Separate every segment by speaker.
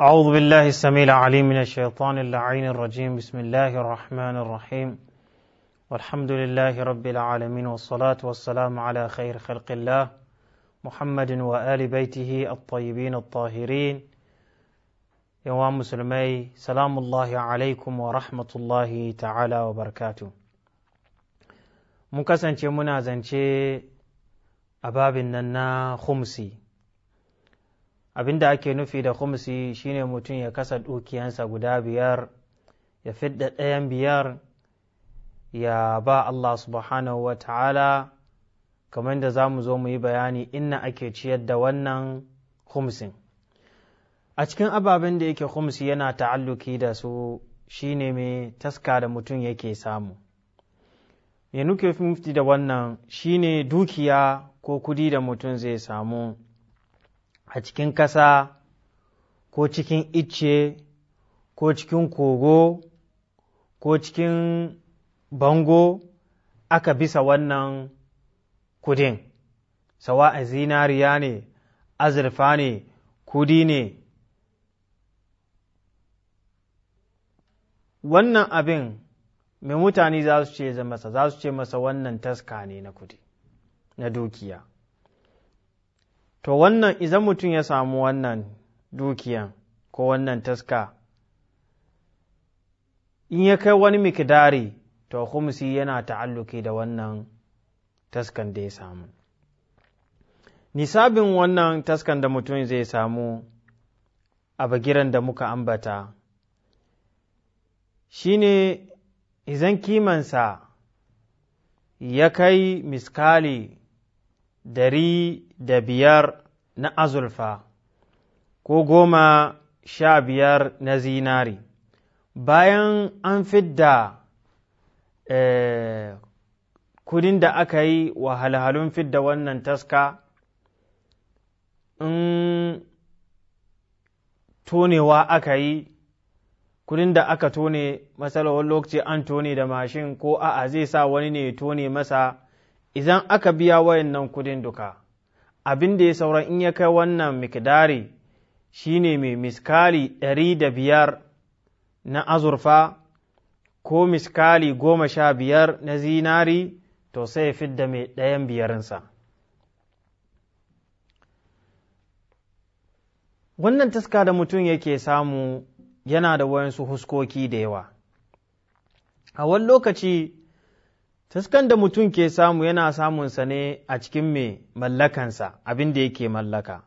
Speaker 1: أعوذ بالله السميع العليم من الشيطان اللعين الرجيم بسم الله الرحمن الرحيم والحمد لله رب العالمين والصلاة والسلام على خير خلق الله محمد وآل بيته الطيبين الطاهرين يا مسلمي سلام الله عليكم ورحمة الله تعالى وبركاته mun kasance muna zance a babin nan abin da ake nufi da kumsi shine mutum ya kasa dukiyansa guda biyar ya fidda ɗayan biyar ya ba Allah subhanahu wa ta'ala kamar da za mu zo mu yi bayani inna ake ciyar da wannan kumsin a cikin ababen da yake kumsi yana ta'alluki da su shine mai taska da mutum yake samu me nuke mufti da wannan shine dukiya ko kudi da mutum zai samu a cikin ƙasa ko cikin icce ko cikin kogo ko cikin bango aka bisa wannan kudin sawa a zinariya ne azurfa ne kudi ne wannan abin mai mutane za su ce masa za su ce masa wannan taska ne na kudi na dukiya to wannan idan mutum ya samu wannan dukiyan ko wannan taska in ya kai wani mikidari to kumsi yana ta'alluki da wannan taskan da ya samu nisabin wannan taskan da mutum zai samu a bagiran da muka ambata shine izan kimansa ya kai miskali dari da biyar na azulfa ko goma sha biyar na zinari bayan an fidda eh, kudin da aka yi wa wahalhalun fidda wannan taska in tonewa aka yi kudin da aka tone wani lokaci an tone da mashin ko a'a zai sa wani ne ya tone masa idan aka biya wayannan kudin duka abin da ya saura in ya kai wannan mikdari ne mai miskali ɗari da biyar na azurfa ko miskali goma sha biyar na zinari to sai ya fidda mai ɗayan biyarinsa wannan taska da mutum yake samu yana da wayansu huskoki da yawa a wani lokaci Taskan da mutum ke samu yana samunsa ne a cikin mai mallakansa abin da yake mallaka.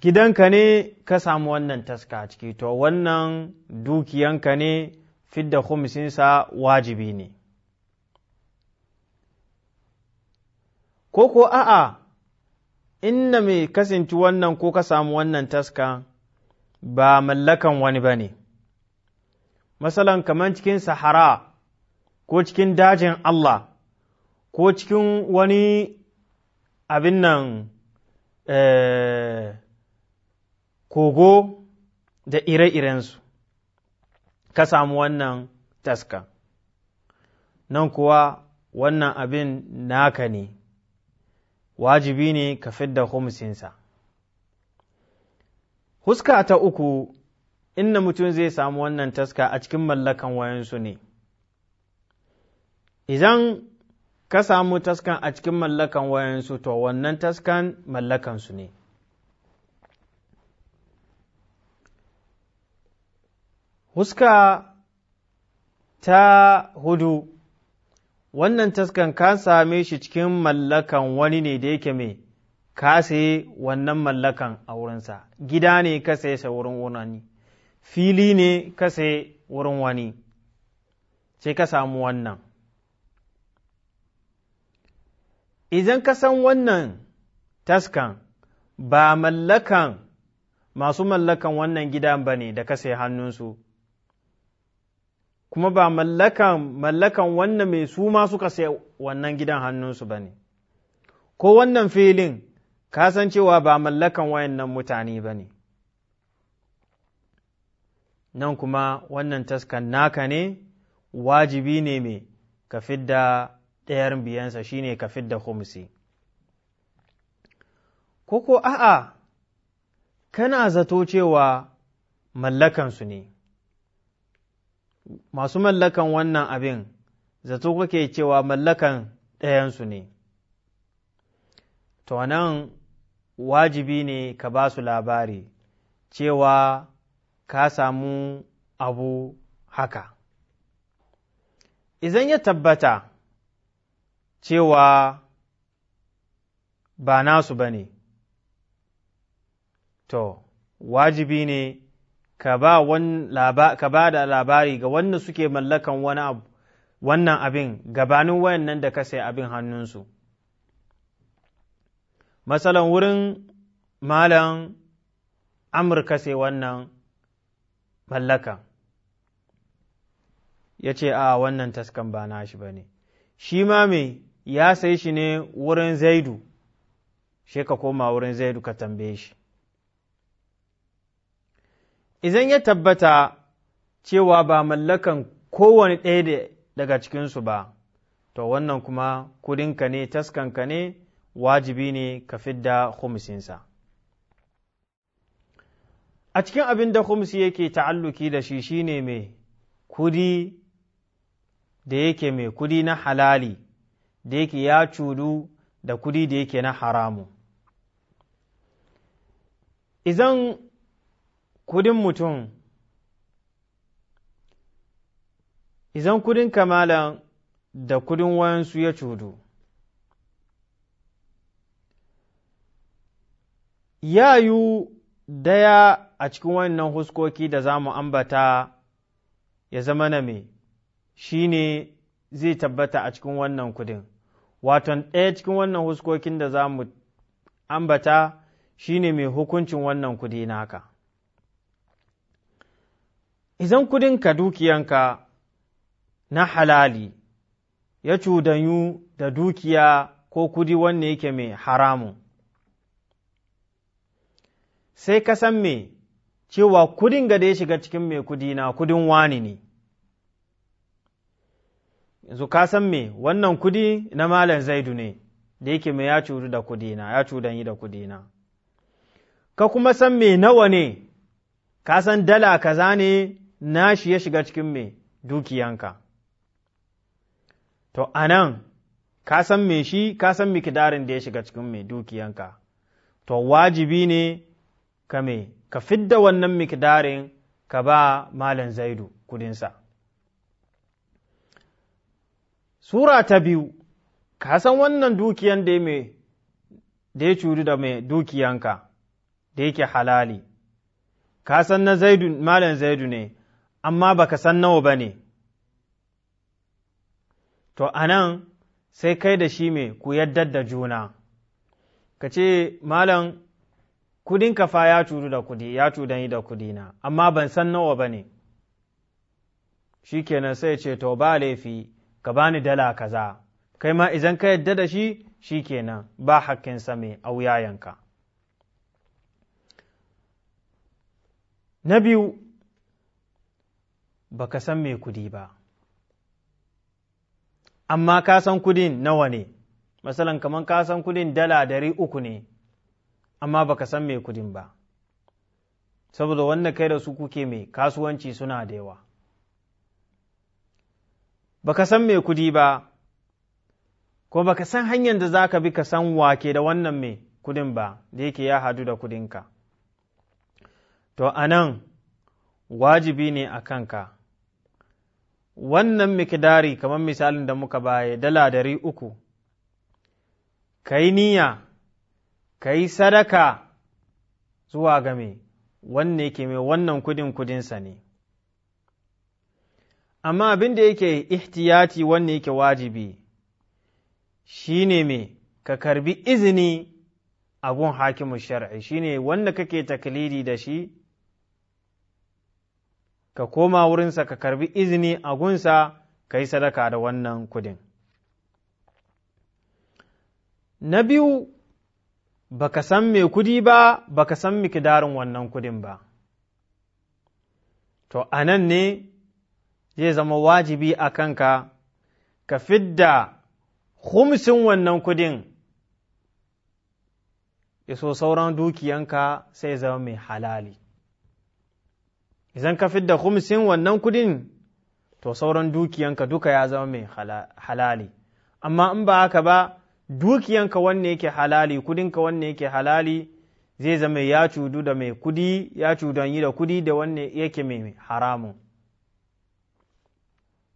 Speaker 1: Gidanka ne ka samu wannan taska a ciki, to wannan dukiyanka ne fidda kumsinsa wajibi ne. koko ko a'a, inna mai kasance wannan ko ka samu wannan taska ba mallakan wani ba ne, masalan kamar cikin sahara. ko cikin dajin Allah ko cikin wani abin nan eh, kogo da ire-irensu ka samu wannan taska nan kuwa wannan abin naka ne wajibi ne ka fidda humsinsa huska ta uku inda mutum zai samu wannan taska a cikin mallakan wayansu ne idan ka samu taskan a cikin mallakan wayansu to wannan taskan mallakansu ne huska ta hudu wannan taskan ka same shi cikin mallakan wani ne da yake mai ka saye wannan mallakan a wurinsa gida ne ka saye sa wurin wani fili ne ka saye wurin wani sai ka samu wannan idan ka san wannan taskan ba mallakan masu mallakan wannan gidan ba ne da ka sai hannunsu kuma ba mallakan mallakan wannan mai su ma suka sai wannan gidan hannunsu ba ne ko wannan filin ka san cewa ba mallakan wayannan mutane ba ne nan kuma wannan taskan naka ne wajibi ne mai ka fidda ɗayar biyansa ne ka fidda humsi koko a'a kana zato cewa mallakansu ne masu mallakan wannan abin zato kake cewa mallakan ɗayansu ne to nan wajibi ne ka ba su labari cewa ka samu abu haka. Izan ya tabbata cewa ba nasu ba ne, to, wajibi ne ka ba da labari ga wanda suke mallakan wannan abin gabanin wayannan da ka sai abin hannunsu. Masalan wurin malam Amurka sai wannan mallaka, ya ce, A wannan taskan ba nashi ba ne, shi ma mai ya sai shi ne wurin zaidu shi ka koma wurin zaidu ka tambaye shi idan ya tabbata cewa ba mallakan kowane ɗaya daga cikinsu ba to wannan kuma kudinka ne taskanka ne wajibi ne ka fidda khumsinsa a cikin abin da khumsi yake ta'alluki da shi shine mai kudi da yake mai kudi na halali da yake ya cudu da kudi da yake na haramu izan kudin mutum izan kudin kamala da kudin wayansu ya cudu ya yu daya a cikin wannan huskoki da za mu ambata ya zama na me shi ne zai tabbata a cikin wannan kudin waton ɗaya cikin wannan huskokin da za mu ambata shi ne mai hukuncin wannan kudi naka Izan kudinka dukiyanka na halali ya cudanyu da dukiya ko kudi wanne yake mai haramun sai ka san me cewa kudin ga da ya shiga cikin mai kudi na kudin wani ne yanzu ka san me wannan kudi na malam zaidu ne da yake mai ya cudu da kudina ya cudan yi da kudina ka kuma san me nawa ne ka san dala kaza ne nashi ya shiga cikin me dukiyanka to anan ka san me shi ka san mikidarin da ya shiga cikin me dukiyanka to wajibi ne ka me ka fidda wannan mikidarin ka ba malam zaidu kudinsa Sura ta biyu, ka san wannan dukiyan da mai da ya curi da mai dukiyanka da yake halali, ka san na zaidu, malam zaidu ne, amma baka san nawa ba ne. To, a nan sai kai da shi mai ku yaddar da juna, ka ce, Malam, kudin kafa ya curi da kudi, ya cudani da kudina, amma ban san nawa ba ne. Shi kenan sai ce, To, ba laifi. ka bani dala kaza kai ma idan ka yadda da shi shi kenan ba hakkin hakkinsa mai auyayanka. na biyu ba ka san mai kudi ba amma ka san kudin nawa ne masalan kamar ka san kudin dala dari uku ne amma ba ka san mai kudin ba saboda wanda kai da su kuke mai kasuwanci suna da yawa baka san mai kudi ba, ko baka san hanyar da za ka bi ka san wake da wannan mai kudin ba, da yake ya hadu da kudinka. To, a nan wajibi ne a kanka, wannan mikidari kamar misalin da muka baye dala dari uku, ka yi niyya, ka yi sadaka zuwa game. Wannan wanne ke mai wannan kudin kudinsa ne. amma abin da yake ihtiyati wanne yake wajibi shi ne me ka karbi izini a gun hakimin shar'i shi ne wanda kake taklidi da shi ka koma wurinsa ka karbi izini a gunsa ka yi sadaka da wannan kudin na biyu ba ka san mai kudi ba Ba ka san mikidarin wannan kudin ba to a nan ne zai zama wajibi a kanka ka fidda khumsin wannan kudin iso sauran dukiyanka sai zama mai halali idan ka fidda khumsin wannan kudin to sauran dukiyanka duka ya zama mai halali amma in ba haka ba dukiyanka wanne yake halali kudinka wanne yake halali zai zama ya cudu da mai kudi ya yi da kudi da wanne yake mai haramun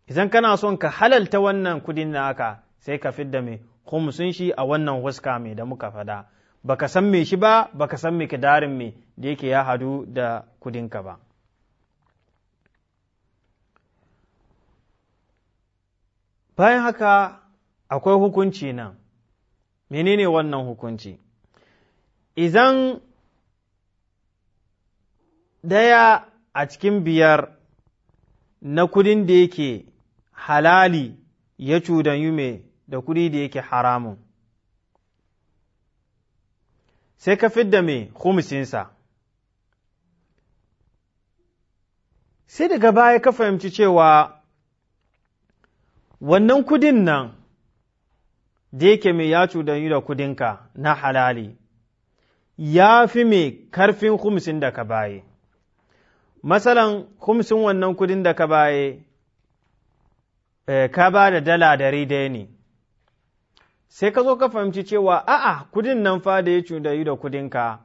Speaker 1: idan kana son ka halalta wannan kudin naka sai ka fidda mai khumsun shi a wannan huska mai da muka fada baka san me shi ba baka san me kidarin me da yake ya hadu da kudinka ba bayan haka akwai hukunci nan menene wannan hukunci idan daya a cikin biyar na kudin da yake halali ya yi mai da kuɗi da yake haramun sai ka fidda mai khumsinsa sai daga baya ka fahimci cewa wannan kudin nan da yake mai ya yi da kudinka na halali ya fi mai karfin kumsin da ka baye. Masalan kumsin wannan kudin da ka baye Eh, ka ba da dala dari daya ne sai ka zo ka fahimci cewa a'a kudin nan fa da ya cudayu da kudinka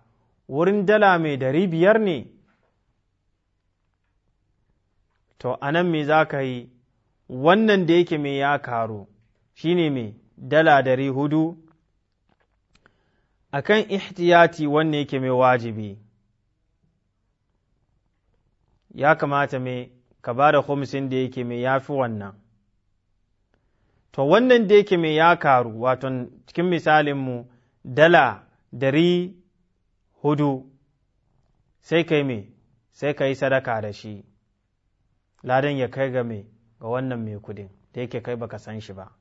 Speaker 1: wurin dala mai dari biyar ne to a nan me za ka yi wannan da yake mai ya karu shi ne mai dala dari hudu a kan ihtiyati wannan yake mai wajibi ya kamata mai ka ba da da yake mai ya fi wannan to wannan da yake mai ya karu wato cikin misalinmu dala dari hudu sai kai me sai ka yi sadaka da shi ladan ya kai ga me ga wannan mai kudin da yake kai baka san shi ba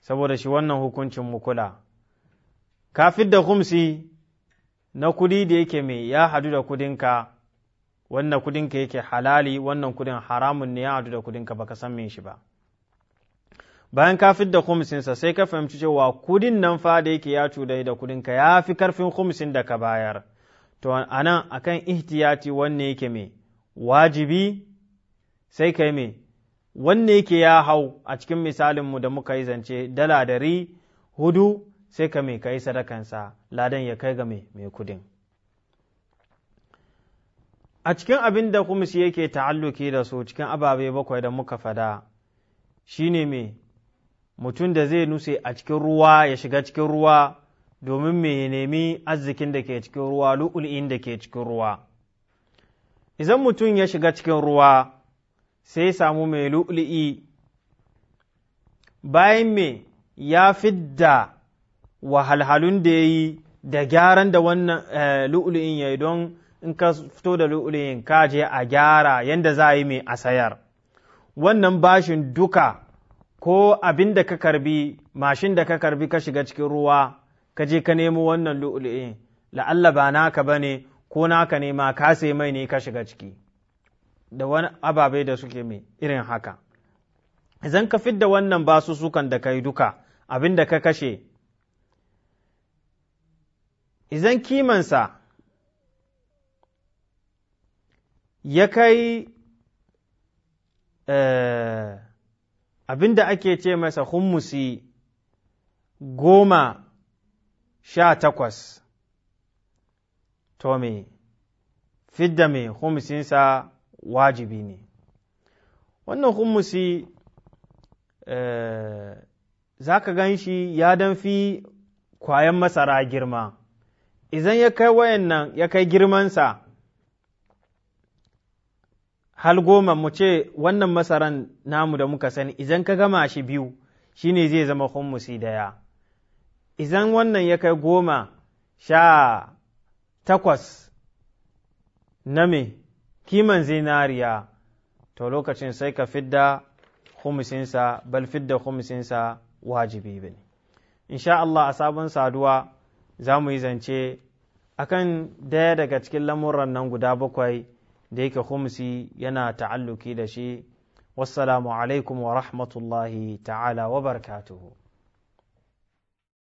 Speaker 1: saboda shi wannan hukuncin mukula kafin da humsi na kudi da yake mai ya hadu da kudinka wannan kudinka yake halali wannan kudin haramun ne ya hadu da kudinka baka san me shi ba bayan ka da kumsinsa sai ka fahimci cewa kudin nan fa da yake ya cudai da ka ya fi karfin kumsin da ka bayar to anan nan a kan ihtiyati wanne yake me wajibi sai ka yi me wanne yake ya hau a cikin misalinmu da muka yi zance dala dari hudu sai ka me ka yi sadakansa ladan ya kai ga mai kudin a cikin abin da kumisi yake ta'alluki da su cikin ababe bakwai da muka fada shine me mutum da zai nuse a cikin ruwa ya shiga cikin ruwa domin mai nemi arzikin da ke cikin ruwa lu'ul'in da ke cikin ruwa Izan mutum ya shiga cikin ruwa sai ya samu mai lu'ul'i bayan me ya fidda wahalhalun da ya yi da gyaran da wannan eh, lu'ul'in ya yi don in ka fito da lu'ul'in ka je a gyara yadda za a yi mai asayar wannan bashin duka ko abin da ka karbi mashin da ka karbi ka shiga cikin ruwa ka je ka nemo wannan lu'ulu'in la'alla ba naka ba ne ko naka ne ma ka sai mai ne ka shiga ciki da wani ababe da suke mai irin haka idan ka fidda wannan sukan da ka yi duka abin da ka kashe idan kimansa ya kai eh, abin da ake ce masa hummusi goma sha takwas to me fidda mai hummusinsa wajibi ne wannan hummusi eh, za ka gan shi ya dan fi kwayan masara girma idan ya kai wayan nan ya kai girmansa hal goma mu ce wannan masaran namu da muka sani idan ka gama shi biyu shi ne zai zama hummusi daya idan wannan ya kai goma sha takwas na me kiman zinariya to lokacin sai ka fidda humusinsa bal fidda humsinsa wajibi ne insha Allah a sabon saduwa za mu yi zance akan daya daga cikin lamuran nan guda bakwai da yake humsi yana ta'alluki da shi wassalamu alaikum wa rahmatullahi ta'ala wa barakatuhu